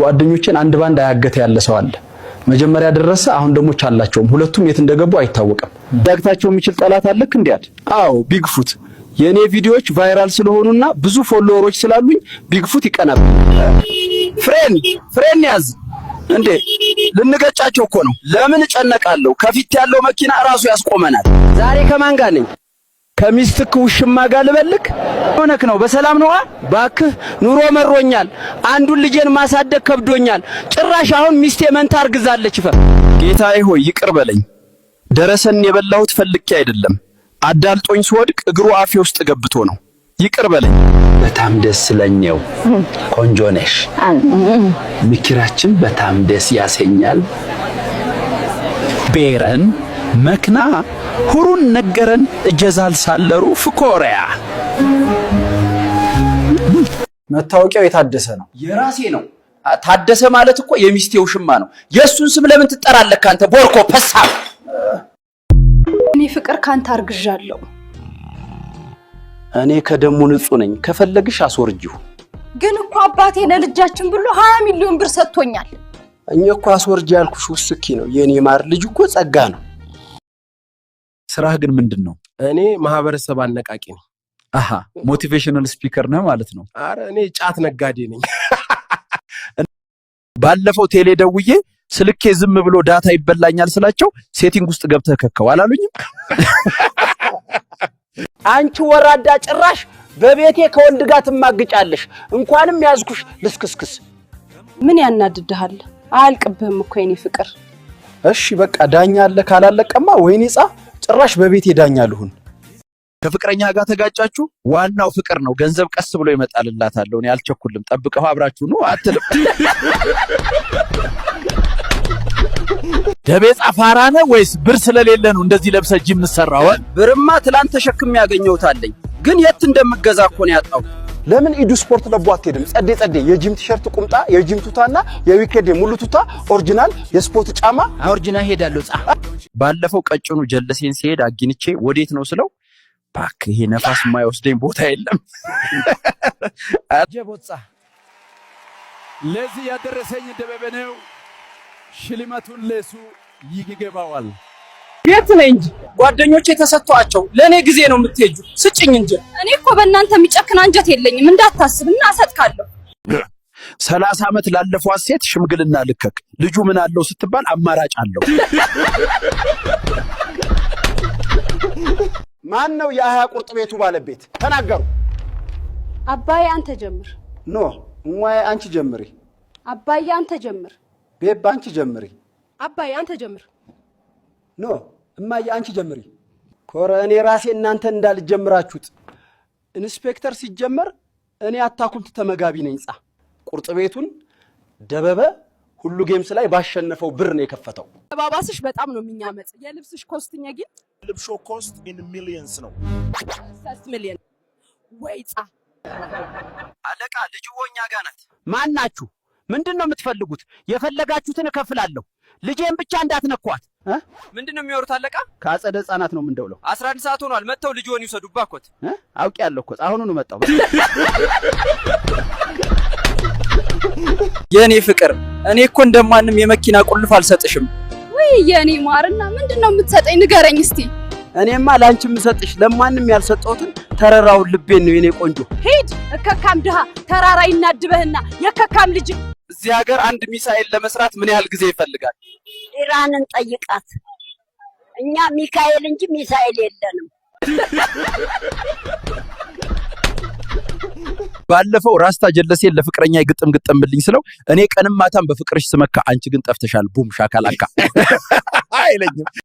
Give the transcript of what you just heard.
ጓደኞችን አንድ ባንድ አያገተ ያለ ሰው አለ። መጀመሪያ ደረሰ፣ አሁን ደግሞ ቻላቸውም። ሁለቱም የት እንደገቡ አይታወቅም። ዳግታቸው የሚችል ጠላት አለክ እንዲያል። አዎ ቢግፉት የእኔ ቪዲዮዎች ቫይራል ስለሆኑና ብዙ ፎሎወሮች ስላሉኝ ቢግፉት ይቀናል። ፍሬን ፍሬን ያዝ እንዴ! ልንገጫቸው እኮ ነው። ለምን እጨነቃለሁ? ከፊት ያለው መኪና ራሱ ያስቆመናል። ዛሬ ከማን ጋር ነኝ? ከሚስትክ ውሽማ ጋር ልበልክ ሆነክ ነው? በሰላም ነዋ። ባክህ ኑሮ መሮኛል፣ አንዱን ልጄን ማሳደግ ከብዶኛል። ጭራሽ አሁን ሚስቴ መንታ አርግዛለች። ፈ ጌታዬ ሆይ ይቅር በለኝ። ደረሰን የበላሁት ፈልጌ አይደለም። አዳልጦኝ ስወድቅ እግሩ አፌ ውስጥ ገብቶ ነው። ይቅር በለኝ። በጣም ደስ ለኛው ቆንጆ ነሽ። ምክራችን በጣም ደስ ያሰኛል። ቤረን መክና ሁሩን ነገረን እጀዛል ሳለሩ ፍኮሪያ መታወቂያው የታደሰ ነው፣ የራሴ ነው። ታደሰ ማለት እኮ የሚስቴው ሽማ ነው። የእሱን ስም ለምን ትጠራለህ? ካንተ ቦርኮ ፐሳ። እኔ ፍቅር ካንተ አርግዣለሁ። እኔ ከደሙ ንጹህ ነኝ። ከፈለግሽ አስወርጅሁ። ግን እኮ አባቴ ለልጃችን ብሎ ሀያ ሚሊዮን ብር ሰጥቶኛል። እኛ እኮ አስወርጅ ያልኩሽ ውስኪ ነው። የእኔ ማር ልጅ እኮ ጸጋ ነው። ስራህ ግን ምንድን ነው? እኔ ማህበረሰብ አነቃቂ ነኝ። አሀ ሞቲቬሽናል ስፒከር ነህ ማለት ነው። አረ እኔ ጫት ነጋዴ ነኝ። ባለፈው ቴሌ ደውዬ ስልኬ ዝም ብሎ ዳታ ይበላኛል ስላቸው ሴቲንግ ውስጥ ገብተህ ከከው አላሉኝም። አንቺ ወራዳ ጭራሽ በቤቴ ከወንድ ጋር ትማግጫለሽ። እንኳንም ያዝኩሽ ልስክስክስ። ምን ያናድድሃል? አያልቅብህም እኮ የኔ ፍቅር። እሺ በቃ ዳኛ አለ ካላለቀማ ወይኔ ጻ ጭራሽ በቤቴ ዳኛ ልሁን። ከፍቅረኛ ጋር ተጋጫችሁ፣ ዋናው ፍቅር ነው። ገንዘብ ቀስ ብሎ ይመጣልላታል። እኔ አልቸኩልም፣ ጠብቀው አብራችሁ ነው አትልም። ደቤጻ ፋራ ነ ወይስ ብር ስለሌለ ነው እንደዚህ ለብሰ ጅም የምትሰራው? ብርማ ትላንት ተሸክም ያገኘሁት ግን የት እንደምገዛ እኮ ነው ያጣሁት። ለምን ኢዱ ስፖርት ለቦ አትሄድም? ጸዴ ጸዴ የጂም ቲሸርት ቁምጣ፣ የጂም ቱታና የዊኬድ ሙሉ ቱታ ኦሪጂናል የስፖርት ጫማ ኦሪጂናል ሄዳለሁ። ጻ ባለፈው ቀጭኑ ጀለሴን ሲሄድ አግኝቼ ወዴት ነው ስለው ፓክ ይሄ ነፋስ የማይወስደኝ ቦታ የለም። ቦጻ ለዚህ ያደረሰኝ ነው። ሽልማቱን ለሱ ይገባዋል። የት ነኝ እንጂ ጓደኞቼ ተሰጥቷቸው ለእኔ ጊዜ ነው የምትሄጁ። ስጭኝ እንጂ እኔ እኮ በእናንተ የሚጨክን አንጀት የለኝም እንዳታስብ እና እሰጥካለሁ። ሰላሳ ዓመት ላለፏት ሴት ሽምግልና ልከክ ልጁ ምን አለው ስትባል አማራጭ አለው። ማን ነው የአህያ ቁርጥ ቤቱ ባለቤት? ተናገሩ። አባዬ አንተ ጀምር። ኖ እማዬ አንቺ ጀምሪ። አባዬ አንተ ጀምር። ቤባ አንቺ ጀምሪ። አባዬ አንተ ጀምር። ኖ እማዬ አንቺ ጀምሪ። ኮረ እኔ ራሴ እናንተ እንዳልጀምራችሁት። ኢንስፔክተር ሲጀመር እኔ አታኩልት ተመጋቢ ነኝ። ጻ ቁርጥ ቤቱን ደበበ ሁሉ ጌምስ ላይ ባሸነፈው ብር ነው የከፈተው። አባባስሽ በጣም ነው የሚያመጽ። የልብስሽ ኮስትኛ ግን ልብሾ ኮስት ኢን ሚሊየንስ ነው ሚሊየን ወይ ጻ አለቃ ልጅዎ እኛ ጋ ናት። ማን ናችሁ? ምንድን ነው የምትፈልጉት? የፈለጋችሁትን እከፍላለሁ። ልጄን ብቻ እንዳትነኳት። ምንድን ነው የሚወሩት? አለቃ ከአጸደ ህጻናት ነው የምንደውለው። አስራ አንድ ሰዓት ሆኗል። መጥተው ልጅዎን ይውሰዱ ባኮት። አውቅ ያለሁ እኮ አሁኑኑ መጣው። የእኔ ፍቅር፣ እኔ እኮ እንደማንም የመኪና ቁልፍ አልሰጥሽም። ውይ የእኔ ማርና፣ ምንድን ነው የምትሰጠኝ? ንገረኝ እስቲ። እኔማ ለአንቺ የምሰጥሽ ለማንም ያልሰጠሁትን ተረራውን ልቤን ነው የኔ ቆንጆ። ሂድ እከካም ድሃ ተራራ ይናድበህና የከካም ልጅ እዚህ ሀገር አንድ ሚሳኤል ለመስራት ምን ያህል ጊዜ ይፈልጋል? ኢራንን ጠይቃት። እኛ ሚካኤል እንጂ ሚሳኤል የለንም። ባለፈው ራስታ ጀለሴን ለፍቅረኛ ግጥም ግጠምልኝ ስለው እኔ ቀንም ማታም በፍቅርሽ ስመካ አንቺ ግን ጠፍተሻል ቡም ሻካላካ አይለኝም።